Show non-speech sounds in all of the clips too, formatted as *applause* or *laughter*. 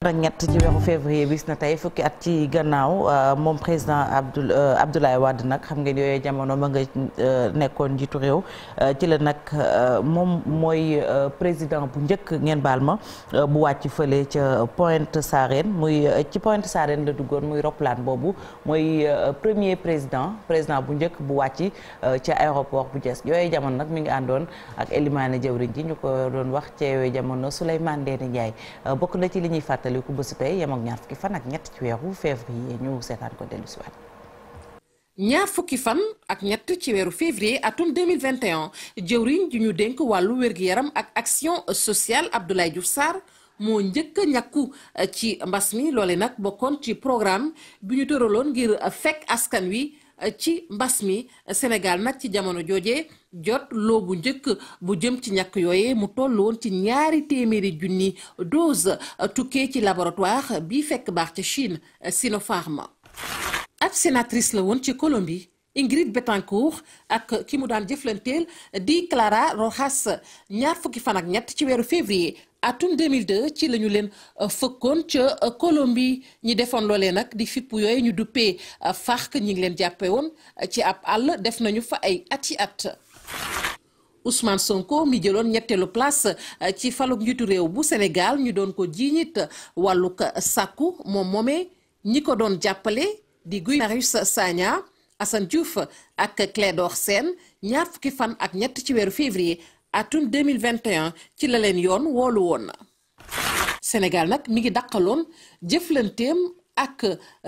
ak ñett ci weeru février bis na tey fukki at ci gannaaw euh, moom président Abdou euh, Abdoulaye Wade nag xam ngeen yooyu jamono ma nga euh, nekkoon njiitu réew ci la nag moom mooy président bu njëkk ngeen baal ma bu wàcc fële ca Pointe Sarène muy ci Pointe Sarène la duggoon muy roplaan boobu mooy premier président président bu njëkk bu wàcc ca aéroport bu Diass yooyu jamono nag mi ngi àndoon ak Elimane jawriñ ji ñu ko doon wax ci jamono Souleymane Ndéné Ndiaye bokk fàttaliku bésu tey yem ak ñaar fukki fan ak ñett ci weeru février ñu seetaan ko dellu siwaat ñaar fukki fan ak ñett ci weeru février atum 2021 jëwriñ ju ñu dénk wàllu wér-gu-yaram ak action sociale Abdoulaye Diouf Sarr moo njëkk a eh, ci mbas mi loole nag bokkoon ci programme bi ñu tëraloon ngir fekk askan wi ci mbas mi Sénégal nag ci jamono joojee jot loo bu njëkk bu jëm ci ñàkk yooye mu toll woon ci ñaari téeméeri junni dose euh, tukkee ci laboratoire bi fekk baax ca Chine euh, Sinopharm. ab sénatrice la woon ci Colombie Ingrid Betancourt ak ki mu daan jëflanteel di Clara Rojas ñaar fukki fan ak ñett ci weeru février. atum 2002 ci la ñu leen euh, fëkkoon ca euh, Colombie ñi defoon loolee nag di fippu yooyu ñu duppee euh, FARC ñi ngi leen jàppe woon ci ab àll def nañu fa ay ati at Ousmane Sonko mi jëloon ñetteelu place ci faluk njiitu réew bu Sénégal ñu doon ko jiiñit wàllug sàkku moom moomee ñi ko doon jàppale di Guy Marius Sagna Assane Diouf ak Clédor Sène ñaar fukki fan ak ñett ci weeru février atum 2021 ci la leen yoon woolu woon na Sénégal nag mi ngi daqaloon jëflanteem ak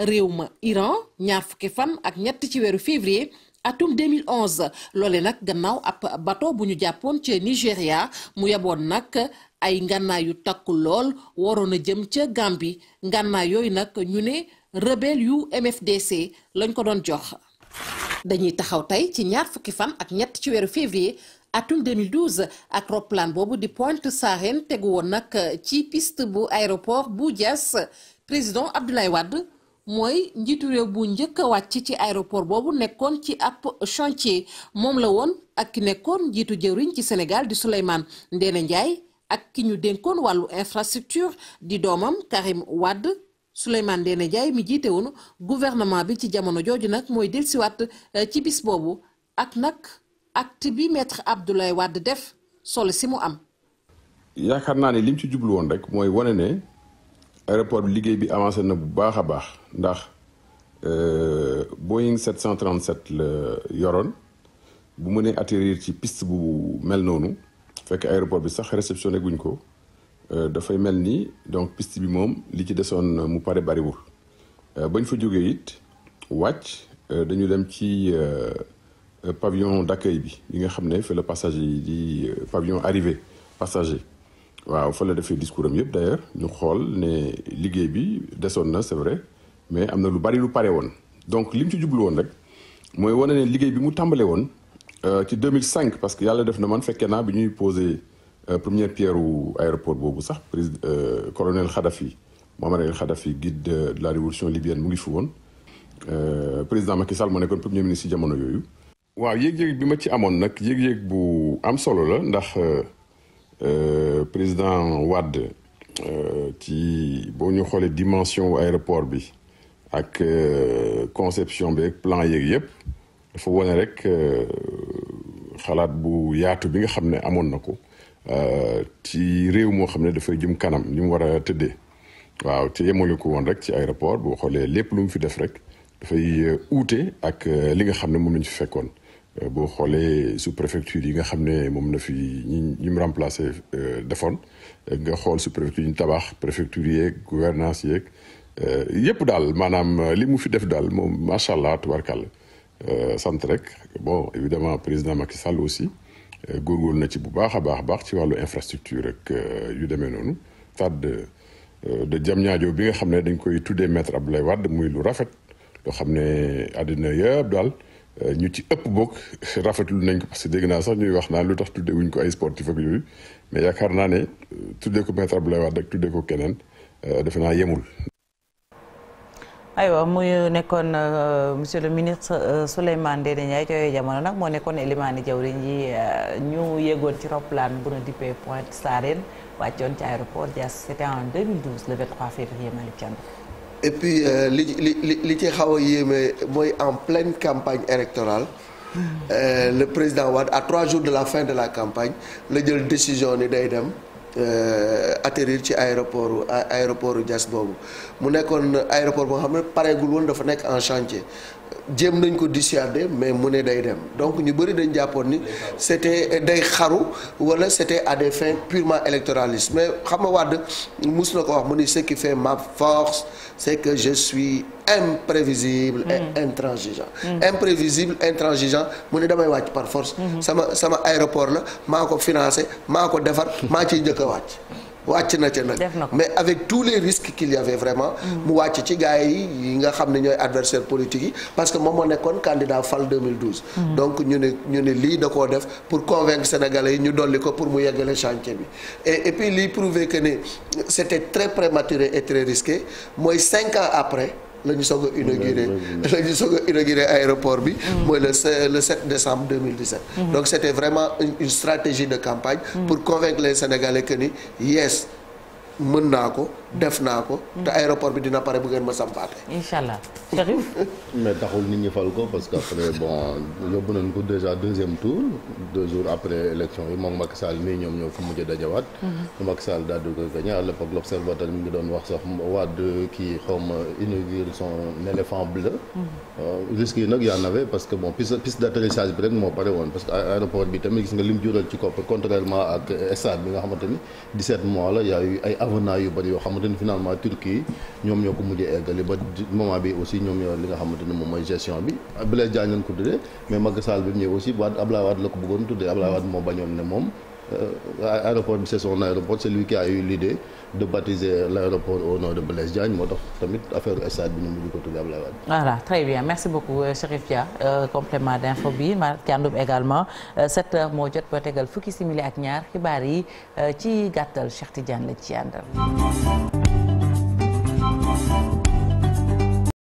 réew ma Iran ñaar fukki fan ak ñett ci weeru février atum 2011 loole nag gannaaw ab bato bu ñu jàppoon ci Nigéria mu yeboon nag ay ngànnaay yu takku lool waroon a jëm ca Gambie ngànnaay yooyu nag ñu ne rebelle yu MFDC lañ ko doon jox. dañuy taxaw tey ci ñaar fukki fan ak ñett ci weeru février atum 2012 ak roplaan boobu di Pointe Sarène tegu woon nag euh, ci piste bu aéroport bu Diass président Abdoulaye Wade mooy njiitu réew bu njëkk a wàcc ci aéroport boobu nekkoon ci ab chantier moom la woon ak ki nekkoon njiitu jëwriñ ci Sénégal di Souleymane Ndéné Ndiaye ak ki ñu dénkoon wàllu infrastructure di doomam Karim Wade Souleymane Ndéné Ndiaye mi jiite woon gouvernement bi ci jamono jooju nag mooy dellusiwaat euh, ci bis boobu ak nag. acte bi maître Abdoulaye Wade def sole si mu am. yaakaar naa ne li ci jublu woon rek mooy wane ne aéroport bi liggéey bi avancé na bu baax a baax ndax euh, Boeing 737 la yoroon bu mënee atterrir ci piste bu mel noonu fekk aéroport bi sax réceptionné guñ ko euh, dafay mel ni donc piste bi moom li ci desoon mu pare bariwul euh, bañ fa jógee it wàcc dañu dem ci Euh, pavillon d'accueil bi bi nga xam ne fa la passager yi di euh, pavillon arrivé passager waaw fa la defee discours am yëpp d'ailleurs ñu xool ne liggéey bi desoon na c'est vrai mais am na lu bari lu pare woon donc li mu ci jublu woon rek mooy wane ne liggéey bi mu tàmbale woon euh, ci 2005 parce que yàlla def na man fekkee naa bi ñuy posé première pierre wu aéroport boobu sax président colonel Khadafi Mohamed El Khadafi guide de la révolution libyenne mu ngi fi woon président Macky Sall moo nekkoon premier ministre ci jamono yooyu waaw yéeg-yéeg bi ma ci amoon nag yéeg-yéeg bu am solo la ndax euh, euh, président Wade euh, ci boo ñu xoolee dimension aéroport bi ak conception bi ak plan yéeg yëpp dafa wane rek xalaat bu yaatu bi nga xam ne amoon na ko ci réew moo xam ne dafay jëm kanam ni mu war a tëddee waaw te yemale ko woon rek ci aéroport boo xoolee lépp lu mu fi def rek dafay uute ak li nga xam ne moom lañ fi fekkoon Euh, boo xoolee sous préfecture yi nga xam ne moom na fi ñi ñi mu remplacé euh, defoon euh, nga xool sous préfecture yi ñu tabax préfecture yeeg gouvernance yeeg yëpp daal maanaam li mu fi def daal moom macha allah tubarkàlla sant rek bon évidemment président Macky Sall aussi góorgóorlu na ci bu baax a baax a baax ci wàllu infrastructure rek yu demee noonu stade de Diamniadio bi nga xam ne dañ koy tuddee maître lay Wade muy lu rafet loo xam ne àddina yëpp daal. ñu ci ëpp bokk rafetlu nañ ko parce que naa sax ñuy wax naa lu tax tuddee wuñ ko ay sportif ak yooyu mais yaakaar naa ne euh, tuddee ko maître Abdoulaye Wade ak tuddee ko keneen euh, defe yemul. aywa muy nekkoon euh, monsieur le ministre Souleymane Ndéné Ndiaye ca yooyu jamono nag moo nekkoon Elimane jawriñ ji ñu yeggoon ci roplaan bu na dippee Pointe Sarène wàccoon ci aéroport Diass c'était en 2012 le 23 février Malick Thiandou et puis euh, li li li ci xaw a yéeme mooy en pleine campagne électorale euh, le président Wade à trois jours de la fin de la campagne la jël décision ni day dem euh, atterrir ci aéroport aéroport jaas boobu mu nekkoon aéroport boo xam ne pareegul woon dafa nekk en chantier jéem nañ ko dissuader mais mu ne day dem donc ñu bëri dañ jàppoon ni c'était day xaru wala c'était à des fins purement électoralistes mais xam nga Wade mus na ko wax mu ni ce qui fait ma force c'est que je suis imprévisible et mm. intransigeant mm. imprévisible intransigeant mu ne damay wàcc par force mm-hmm. sama sama aéroport la maa ko financé maa ko defar maa ciy njëkk a wàcc wàcc na ca nag mais avec tous les risques qu'il y avait vraiment mm. mu wàcc ci gars yi yi nga xam ne ñooy adversaire politique yi parce que moom moo nekkoon candidat fal 2012 mm. donc ñu ne ñu ne lii da koo def pour convaincre sénégalais yi ñu dolli ko pour mu yeggale chantier bi et et puis lii prouver que ne c'était très prématuré et très risqué mooy cinq ans après la ñu soog a inauguré la ñu a inauguré aéroport bi mooy le le 7 décembre 2017 mm-hmm. donc c' vraiment une stratégie de campagne mm-hmm. pour convaincre les Sénégalais que ni yes mën naa ko def naa ko. te aéroport bi dina pare bu ngeen ma sampaate. incha allah Chérif. *laughs* mais taxul nit ñi fal ko parce que bon yóbbu nañ ko déjà deuxième tour deux jours après élection yi moom Macky Sall mii ñoom ñoo fa mujj dajawaat. Mhm. Macky Sall daal di ko gagné à l'époque ngi doon wax sax Wade kii xaw ma inaugure son mhm. euh, nag y en parce que piste piste d'atterrissage bi rek moo pare woon parce que aéroport bi tamit gis nga lim jural ci kopp contrairement ak euh, stade a xamante ni finalement Turquie ñoom ñoo ko mujjee eggali ba moment bi aussi ñoom yor li nga xamante ni moom mooy gestion bi Blaise Diagne lañ ko mais Macky Sall bi mu ñëwee aussi Wade Abdoulaye la ko bëggoon tuddee Abdoulaye Wade moo bañoon ne moom euh, aéroport bi c'est son c'est lui qui a eu l'idée de baptiser l'aéroport au nom de Blaise Diagne moo tax tamit affaire stade bi ñu mujj ko tudd Abdoulaye Wade. voilà bien merci beaucoup euh, Chérif Dia euh, complément d'info ma Thiandoum également 7 euh,